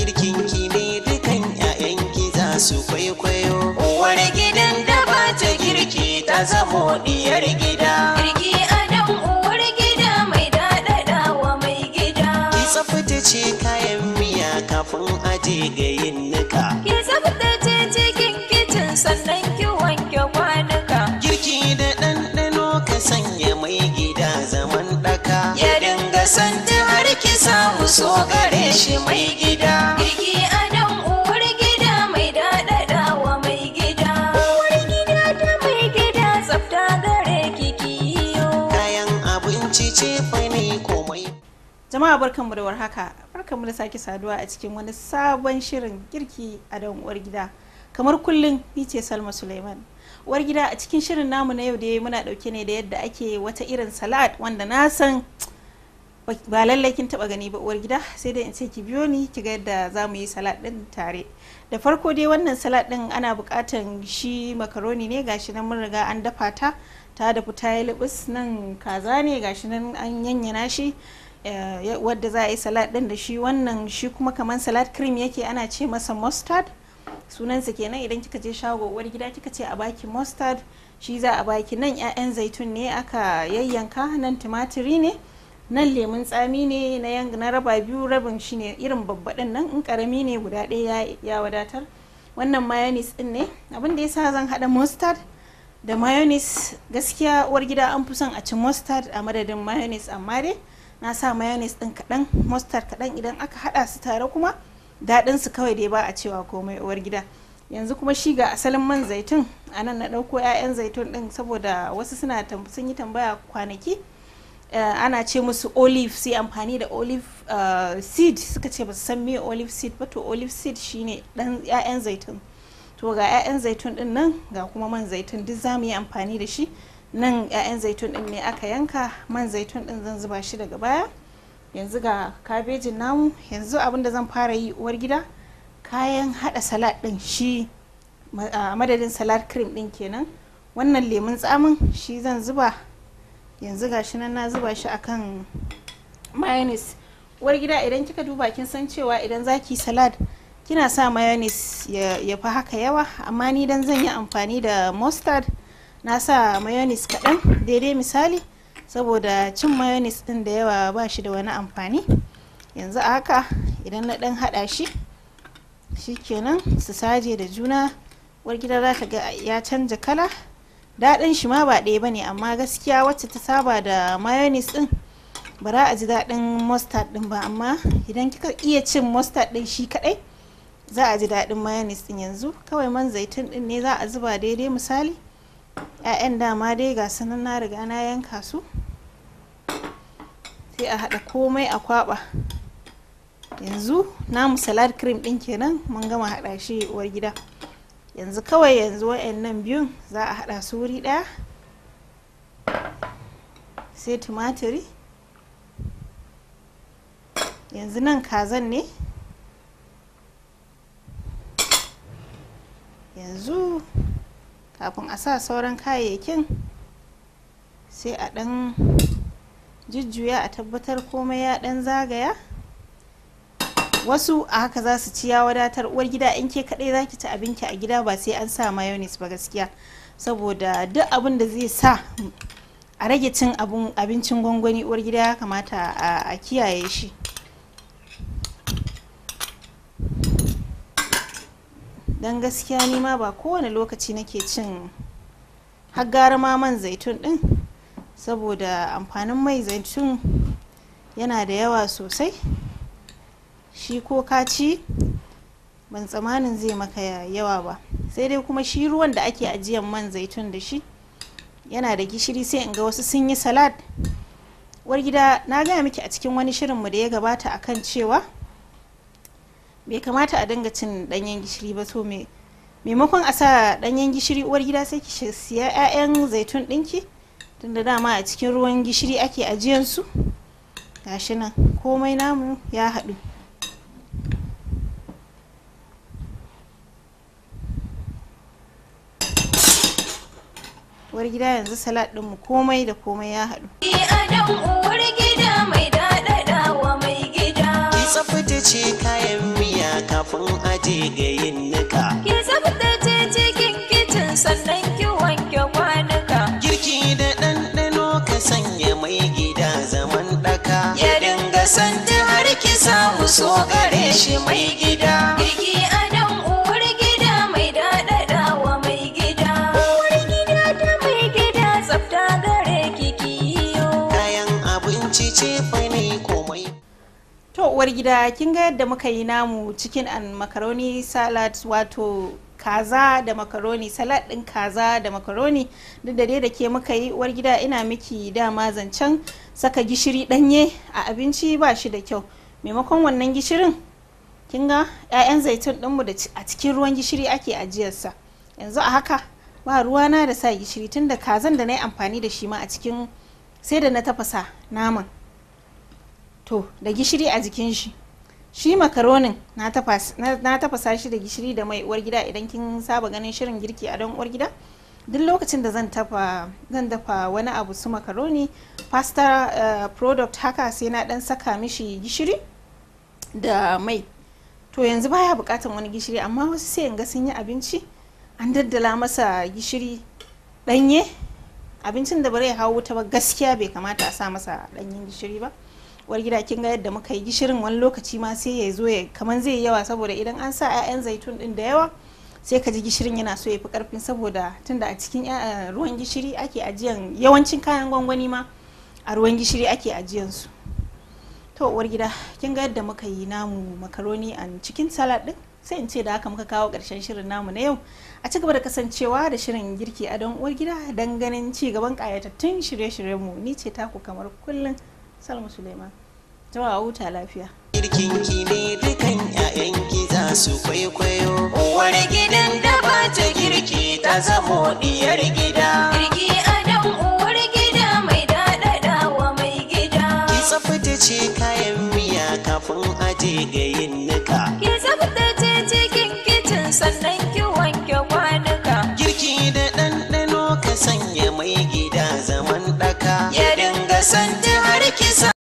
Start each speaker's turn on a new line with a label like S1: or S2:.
S1: kirkin ki ne dukan ƴaƴanki za su kwaikwayo Uwargidan gidan da ba ta girki ta zamo diyar gida girki adam uwar gida mai daɗaɗawa mai gida ki tsaftace kayan miya kafin aje ga yin so gare shi mai gida girki a nan uwar gida mai daɗaɗawa
S2: mai gida uwar gida ta mai gida tsafta gare kikiyo kayan abinci ce fani komai jama'a barkanmu da warhaka barkanmu da sake saduwa a cikin wani sabon shirin girki a dan uwar gida kamar kullum ni ce salma suleiman uwar gida a cikin shirin namu na yau da muna dauke ne da yadda ake wata irin salad wanda na san ba lallai kin taba gani ba uwar gida sai dai in ce ki biyo ni ki ga yadda za mu yi salad din tare da farko dai wannan salad din ana bukatan shi makaroni ne gashi nan mun riga an dafa ta ta da fita ya lubus nan kaza ne gashi nan an yanyana shi eh, wadda za a yi salad din da shi wannan shi kuma kaman salad cream yake ana ce masa mustard sunansa kenan idan kika je shago uwar gida kika ce a baki mustard shi za a baki nan 'ya'yan zaitun ne aka yayyanka nan tumatiri ne nan lemun tsami ne na na raba biyu rabin shi ne irin babbaɗin nan in karami ne guda ɗaya ya wadatar wannan mayonis ɗin ne abin da ya sa zan haɗa mustard da mayonis gaskiya uwar gida an fi son a ci mustard a madadin mayonis amma dai na sa mayonis ɗin kaɗan mustard kaɗan idan aka haɗa su tare kuma daɗin su kawai dai ba a cewa komai uwar gida yanzu kuma shi ga asalin man zaitun a nan na ɗauko 'ya'yan zaitun ɗin saboda wasu suna sun yi tambaya kwanaki Eh, ana ce musu olive sai amfani da olive eh, seed suka ce ba su san me olive seed ba to olive seed shine dan 'ya'yan zaitun to ga 'ya'yan zaitun din nan ga kuma man zaitun duk za mu yi amfani da shi nan 'ya'yan zaitun din ne aka yanka man zaitun din zan zuba shi daga baya yanzu ga kabejin namu yanzu abin da zan fara yi uwar gida kayan hada salad din shi madadin salad cream din kenan wannan lemun tsamin shi zan zuba yanzu gashi nan na zuba shi akan mayonis uwar gida idan kika duba kin san cewa idan zaki salad kina sa mayonis ya fi haka yawa amma ni dan zan yi amfani da mustard na sa mayonis kaɗan daidai misali saboda cin mayonis ɗin da yawa ba shi da wani amfani yanzu a haka idan na ɗan haɗa shi shi kenan su saje da juna uwar gida za ta ga ya canja kala daɗin shi ma ba ɗaya ba ne, amma gaskiya wacce ta saba da mayonis ɗin. ba za a ji daɗin mustard ɗin ba amma idan kika iya cin mustard ɗin shi kaɗai za a ji daɗin mayonnaise ɗin. yanzu kawai man zaitun ɗin ne za a zuba daidai misali 'ya'yan dama dai ga sanan na riga na yanka su sai a haɗa komai a kwaɓa yanzu namu salad cream ɗin kenan mun gama haɗa shi uwar gida yanzu kawai yanzu wa'annan biyun za a haɗa su wuri ɗaya sai tumatiri yanzu nan kazan ne yanzu kafin a sa sauran kayayyakin sai a ɗan jujjuya a tabbatar komai ya ɗan zagaya wasu a haka za su ci ya wadatar uwar gida in ke kaɗai za ki ci abinki a gida ba sai an sa mayonnaise ba gaskiya saboda duk abin da zai sa a rage cin abincin gwangwani uwar gida ya kamata a kiyaye shi don gaskiya ni ma ba kowane lokaci nake cin har ma man zaitun din saboda amfanin mai zaitun yana da yawa sosai shi ko ka ci ban tsamanin zai maka yawa ba sai dai kuma shi ruwan da ake ajiyan man zaitun da shi yana da gishiri sai in ga wasu sun yi salad war gida na gaya miki a cikin wani shirin mu da ya gabata akan cewa bai kamata a dinga cin danyen gishiri ba so maimakon a sa ɗanyen gishiri uwar gida sai ki siya 'ya'yan zaitun ɗinki tunda dama a cikin ruwan gishiri ake ajiyansu gashi nan komai namu ya haɗu uwar gida yanzu salad mu komai da komai ya haɗu.
S1: uwar gida mai daɗaɗawa mai gida. Ki tsaftace kayan miya kafin aje ga yin nika. Ki tsaftace cikin kicin sannan ki wanke kwanuka. Girki da ɗanɗano ka sanya mai gida zaman ɗaka. Ya dinga sanda har ki samu so gare shi mai gida.
S2: to uwar gida kin ga yadda muka yi namu cikin an macaroni salad wato kaza da makaroni salad din kaza da makaroni duk da dai da ke muka yi uwar gida ina miki dama zancen saka gishiri danye a abinci ba shi da kyau maimakon wannan gishirin kin ga 'ya'yan zaitun dinmu da a cikin ruwan gishiri ake ajiyarsa yanzu a haka ba ruwa na da sa gishiri tunda kazan da na yi amfani da shi ma a cikin sai da na tafasa naman to da gishiri a jikin shi shi makaronin na tafasa shi da gishiri da mai uwar gida idan kin saba ganin shirin girki a don uwar gida duk lokacin da zan dafa wani abu su makaroni pasta eh, product haka sai na dan saka mishi gishiri da mai to yanzu baya bukatan wani gishiri amma wasu sai in ga sun yi abinci an daddala masa gishiri danye abincin da bare hau wuta ba gaskiya bai kamata a sa masa danyen gishiri ba uwar gida kin ga yadda muka yi gishirin wani lokaci ma sai ya zo ya kaman zai yi yawa saboda idan an sa 'ya'yan zaitun din da yawa sai ka ji gishirin yana so ya fi karfin saboda tunda a cikin eh, ruwan gishiri ake ajiyan yawancin kayan gwangwani ma a ruwan gishiri ake ajiyan su to uwar gida kin ga yadda muka yi namu makaroni a cikin salad din sai in ce da haka muka kawo karshen shirin namu na yau a ci gaba da kasancewa da shirin girki a don uwar gida don ganin ci gaban kayatattun shirye-shiryenmu ni ce taku kamar kullum Salamu suleiman jama'a huta lafiya
S1: kirkinki ne dukan 'ya'yan za su kwaikwayo uwar gidan da ba ta girki ta zamo diyar gida girki adam uwar gida mai daɗaɗawa mai gida ki tsaftace kayan miya kafin aje gari